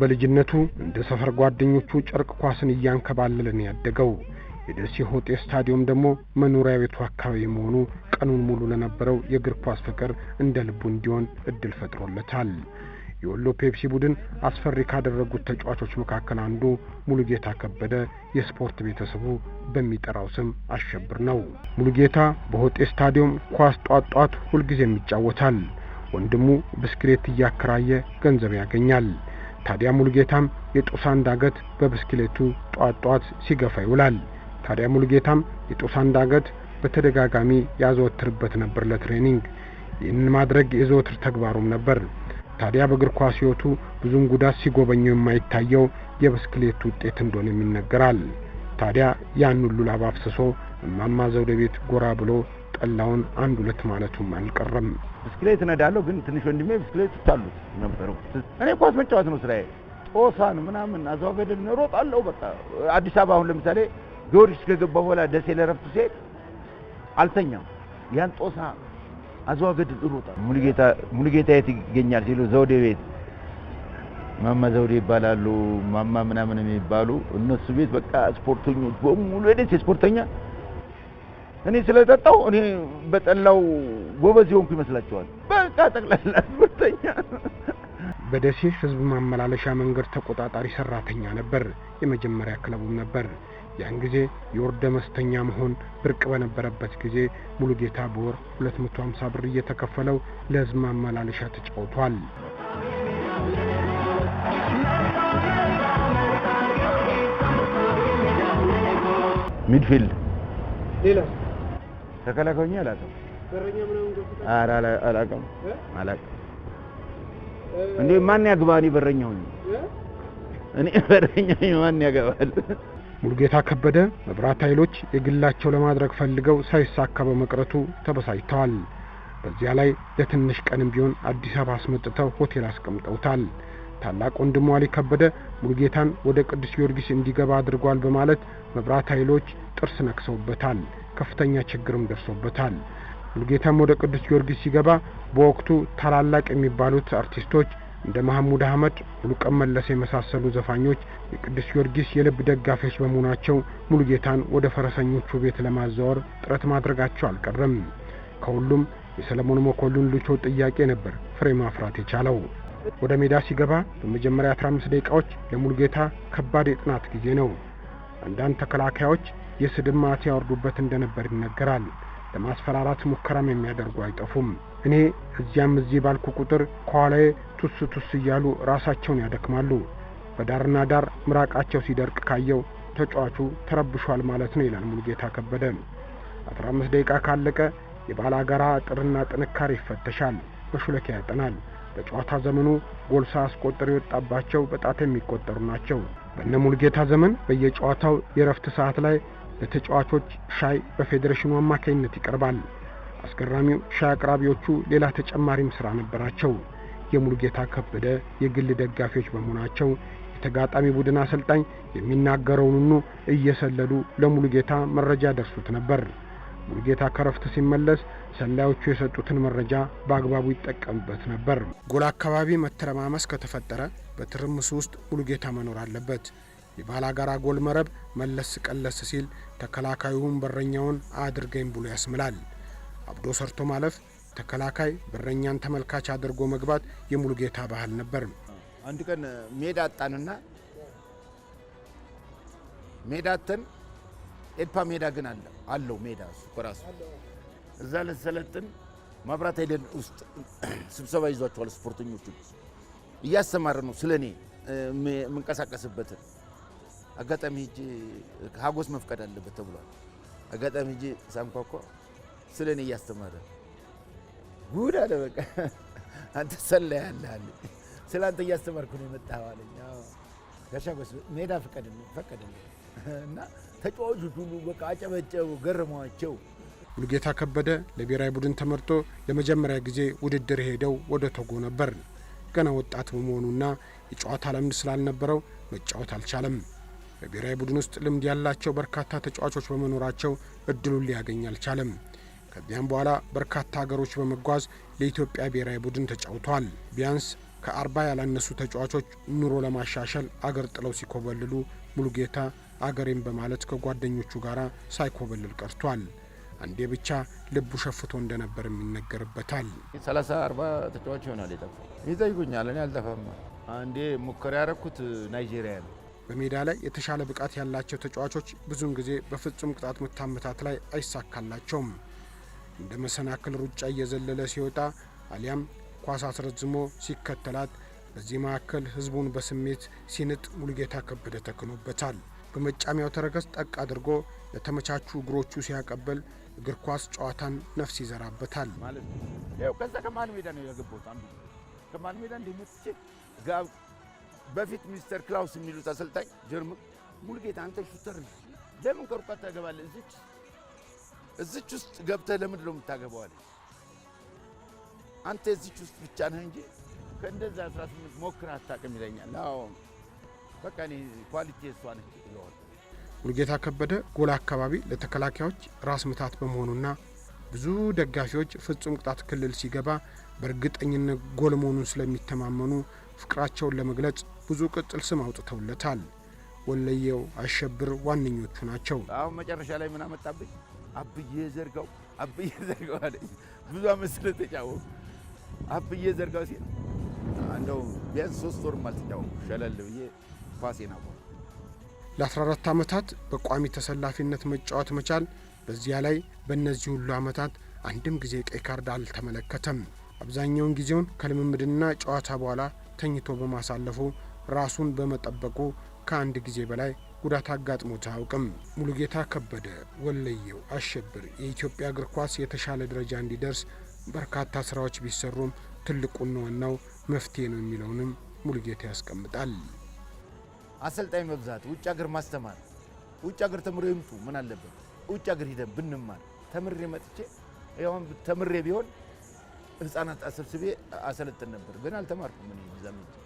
በልጅነቱ እንደ ሰፈር ጓደኞቹ ጨርቅ ኳስን እያንከባለለን ያደገው የደሴ ሆጤ ስታዲየም ደግሞ መኖሪያ ቤቱ አካባቢ መሆኑ ቀኑን ሙሉ ለነበረው የእግር ኳስ ፍቅር እንደ ልቡ እንዲሆን እድል ፈጥሮለታል። የወሎ ፔፕሲ ቡድን አስፈሪ ካደረጉት ተጫዋቾች መካከል አንዱ ሙሉጌታ ከበደ የስፖርት ቤተሰቡ በሚጠራው ስም አሸብር ነው። ሙሉጌታ በሆጤ ስታዲየም ኳስ ጧት ጧት ሁልጊዜም ይጫወታል። ወንድሙ ብስክሌት እያከራየ ገንዘብ ያገኛል። ታዲያ ሙሉጌታም የጦሳን ዳገት በብስክሌቱ ጧት ጧት ሲገፋ ይውላል። ታዲያ ሙሉጌታም የጦሳን ዳገት በተደጋጋሚ ያዘወትርበት ነበር ለትሬኒንግ። ይህንን ማድረግ የዘወትር ተግባሩም ነበር። ታዲያ በእግር ኳስ ሕይወቱ ብዙም ጉዳት ሲጎበኘው የማይታየው የብስክሌቱ ውጤት እንደሆነም ይነገራል። ታዲያ ያን ሁሉ ላብ አፍስሶ እማማ ቤት ጎራ ብሎ ጠላውን አንድ ሁለት ማለቱም አልቀረም። ብስክሌት እነዳለሁ፣ ግን ትንሽ ወንድሜ ብስክሌት ስታሉት ነበረ። እኔ ኳስ መጫወት ነው ስራዬ። ጦሳን ምናምን አዘዋ ገደል እሮጣለሁ። በቃ አዲስ አበባ አሁን ለምሳሌ ጊዮርጊስ ከገባ በኋላ ደሴ ለረፍቱ ሲሄድ አልተኛም። ያን ጦሳ አዘዋ ገደል እሮጣለሁ። ሙሉጌታ የት ይገኛል ሲሉ ዘውዴ ቤት ማማ ዘውዴ ይባላሉ ማማ ምናምን የሚባሉ እነሱ ቤት በቃ ስፖርተኞች በሙሉ የደሴ ስፖርተኛ እኔ ስለጠጣው እኔ በጠላው ጎበዝ የሆንኩ ይመስላችኋል? በቃ ጠቅላላ ምርተኛ። በደሴ ህዝብ ማመላለሻ መንገድ ተቆጣጣሪ ሰራተኛ ነበር። የመጀመሪያ ክለቡም ነበር። ያን ጊዜ የወር ደመወዝተኛ መሆን ብርቅ በነበረበት ጊዜ ጌታ በወር 250 ብር እየተከፈለው ለህዝብ ማመላለሻ ተጫውቷል። ሚድፊልድ ተከለከኝ አላውቅም። ኧረ አላውቅም አላውቅም። እንዴ ማን ያግባ? እኔ በረኛ ሆኜ እኔ በረኛ ማን ያገባል? ሙሉጌታ ከበደ መብራት ኃይሎች የግላቸው ለማድረግ ፈልገው ሳይሳካ በመቅረቱ ተበሳጭተዋል። በዚያ ላይ ለትንሽ ቀንም ቢሆን አዲስ አበባ አስመጥተው ሆቴል አስቀምጠውታል። ታላቅ ወንድሙ አሊ ከበደ ሙሉጌታን ወደ ቅዱስ ጊዮርጊስ እንዲገባ አድርጓል በማለት መብራት ኃይሎች ጥርስ ነክሰውበታል። ከፍተኛ ችግርም ደርሶበታል። ሙሉጌታም ወደ ቅዱስ ጊዮርጊስ ሲገባ በወቅቱ ታላላቅ የሚባሉት አርቲስቶች እንደ መሐሙድ አህመድ፣ ሙሉቀን መለሰ የመሳሰሉ ዘፋኞች የቅዱስ ጊዮርጊስ የልብ ደጋፊዎች በመሆናቸው ሙሉጌታን ወደ ፈረሰኞቹ ቤት ለማዛወር ጥረት ማድረጋቸው አልቀረም። ከሁሉም የሰለሞን መኮሉን ልቾ ጥያቄ ነበር ፍሬ ማፍራት የቻለው። ወደ ሜዳ ሲገባ በመጀመሪያ 15 ደቂቃዎች ለሙሉጌታ ከባድ የጥናት ጊዜ ነው። አንዳንድ ተከላካዮች የስድብ ያወርዱበት እንደነበር ይነገራል። ለማስፈራራት ሙከራም የሚያደርጉ አይጠፉም። እኔ እዚያም እዚህ ባልኩ ቁጥር ከኋላዬ ቱስ ቱስ እያሉ ራሳቸውን ያደክማሉ። በዳርና ዳር ምራቃቸው ሲደርቅ ካየው ተጫዋቹ ተረብሿል ማለት ነው ይላል ሙሉጌታ ከበደ። 15 ደቂቃ ካለቀ የባላጋራ አጥርና ጥንካሬ ይፈተሻል፣ በሹለኪያ ያጠናል። በጨዋታ ዘመኑ ጎል ሳያስቆጥር የወጣባቸው በጣት የሚቆጠሩ ናቸው። በእነ ሙሉጌታ ዘመን በየጨዋታው የረፍት ሰዓት ላይ ለተጫዋቾች ሻይ በፌዴሬሽኑ አማካኝነት ይቀርባል። አስገራሚው ሻይ አቅራቢዎቹ ሌላ ተጨማሪም ሥራ ነበራቸው። የሙሉጌታ ከበደ የግል ደጋፊዎች በመሆናቸው የተጋጣሚ ቡድን አሰልጣኝ የሚናገረውንኑ እየሰለሉ ለሙሉጌታ መረጃ ደርሱት ነበር። ሙሉጌታ ከረፍት ሲመለስ ሰላዮቹ የሰጡትን መረጃ በአግባቡ ይጠቀምበት ነበር። ጎል አካባቢ መተረማመስ ከተፈጠረ በትርምሱ ውስጥ ሙሉጌታ መኖር አለበት። የባላጋራ ጎል መረብ መለስ ቀለስ ሲል ተከላካዩን በረኛውን አድርገኝ ብሎ ያስምላል። አብዶ ሰርቶ ማለፍ፣ ተከላካይ በረኛን ተመልካች አድርጎ መግባት የሙሉ ጌታ ባህል ነበር። አንድ ቀን ሜዳ አጣንና ሜዳ አተን ኤፓ ሜዳ ግን አለ አለው ሜዳ እሱ በራሱ እዛ ለሰለጥን ማብራት ሄደን ውስጥ ስብሰባ ይዟቸዋል ስፖርተኞቹ እያሰማረ ነው ስለ እኔ የምንቀሳቀስበትን አጋጣሚ ሂጂ ሀጎስ መፍቀድ አለበት ተብሏል። አጋጣሚ ሂጂ ሳንኳኳ ስለ እኔ እያስተማረ ጉድ አለ። በቃ አንተ ስለ አንተ እያስተማርኩ ነው የመጣኸው አለኝ። ሜዳ እና ተጫዋቾች ሁሉ በቃ አጨበጨቡ፣ ሙሉጌታ ከበደ ለብሔራዊ ቡድን ተመርጦ ለመጀመሪያ ጊዜ ውድድር ሄደው ወደ ቶጎ ነበር። ገና ወጣት በመሆኑና የጨዋታ ልምድ ስላልነበረው መጫወት አልቻለም። በብሔራዊ ቡድን ውስጥ ልምድ ያላቸው በርካታ ተጫዋቾች በመኖራቸው እድሉን ሊያገኝ አልቻለም። ከዚያም በኋላ በርካታ ሀገሮች በመጓዝ ለኢትዮጵያ ብሔራዊ ቡድን ተጫውቷል። ቢያንስ ከአርባ ያላነሱ ተጫዋቾች ኑሮ ለማሻሻል አገር ጥለው ሲኮበልሉ ሙሉጌታ አገሬን በማለት ከጓደኞቹ ጋር ሳይኮበልል ቀርቷል። አንዴ ብቻ ልቡ ሸፍቶ እንደነበርም ይነገርበታል። ሰላሳ አርባ ተጫዋች ይሆናል የጠፋው። ይጠይቁኛል። እኔ አልጠፋም። አንዴ ሙከራ ያረኩት ናይጄሪያ ነው በሜዳ ላይ የተሻለ ብቃት ያላቸው ተጫዋቾች ብዙውን ጊዜ በፍጹም ቅጣት ምት አመታት ላይ አይሳካላቸውም። እንደ መሰናክል ሩጫ እየዘለለ ሲወጣ አሊያም ኳስ አስረዝሞ ሲከተላት፣ በዚህ መካከል ህዝቡን በስሜት ሲንጥ ሙሉጌታ ከበደ ተክኖበታል። በመጫሚያው ተረከዝ ጠቅ አድርጎ ለተመቻቹ እግሮቹ ሲያቀበል እግር ኳስ ጨዋታን ነፍስ ይዘራበታል። ከዛ ከማን ሜዳ ነው ያገባሁት አንዱ ከመሀል ሜዳ በፊት ሚስተር ክላውስ የሚሉት አሰልጣኝ ጀርመን ሙልጌታ አንተ ሹተር ነው ለምን ከሩቃት ታገባለህ? እዚች እዚች ውስጥ ገብተህ ለምንድን ነው የምታገባዋል? አንተ እዚች ውስጥ ብቻ ነህ እንጂ ከእንደዛ 18 ሞክረህ አታውቅም ይለኛል። አዎ በቃ እኔ ኳሊቲ እሷ ነች ይለዋል። ሙልጌታ ከበደ ጎል አካባቢ ለተከላካዮች ራስ ምታት በመሆኑና ብዙ ደጋፊዎች ፍጹም ቅጣት ክልል ሲገባ በእርግጠኝነት ጎል መሆኑን ስለሚተማመኑ ፍቅራቸውን ለመግለጽ ብዙ ቅጽል ስም አውጥተውለታል። ወለየው፣ አሸብር ዋነኞቹ ናቸው። አሁን መጨረሻ ላይ ምን አመጣብኝ? አብዬ ዘርጋው፣ አብዬ ዘርጋው አለ። ብዙ አመት ስለተጫወኩ አብዬ ዘርጋው ሲል እንደው ቢያንስ ሶስት ወርም አልተጫወኩም ሸለል ብዬ ኳሴን አቆምኩ። ለ14 ዓመታት በቋሚ ተሰላፊነት መጫወት መቻል፣ በዚያ ላይ በእነዚህ ሁሉ ዓመታት አንድም ጊዜ ቀይ ካርድ አልተመለከተም። አብዛኛውን ጊዜውን ከልምምድና ጨዋታ በኋላ ተኝቶ በማሳለፉ ራሱን በመጠበቁ ከአንድ ጊዜ በላይ ጉዳት አጋጥሞት አያውቅም። ሙሉጌታ ከበደ ወለየው አሸብር የኢትዮጵያ እግር ኳስ የተሻለ ደረጃ እንዲደርስ በርካታ ስራዎች ቢሰሩም ትልቁና ዋናው መፍትሄ ነው የሚለውንም ሙሉጌታ ያስቀምጣል። አሰልጣኝ መብዛት፣ ውጭ አገር ማስተማር፣ ውጭ አገር ተምሮ ይምጡ ምን አለበት? ውጭ አገር ሂደን ብንማር ተምሬ መጥቼ ተምሬ ቢሆን ህፃናት አሰብስቤ አሰለጥን ነበር፣ ግን አልተማርኩም። évidemment.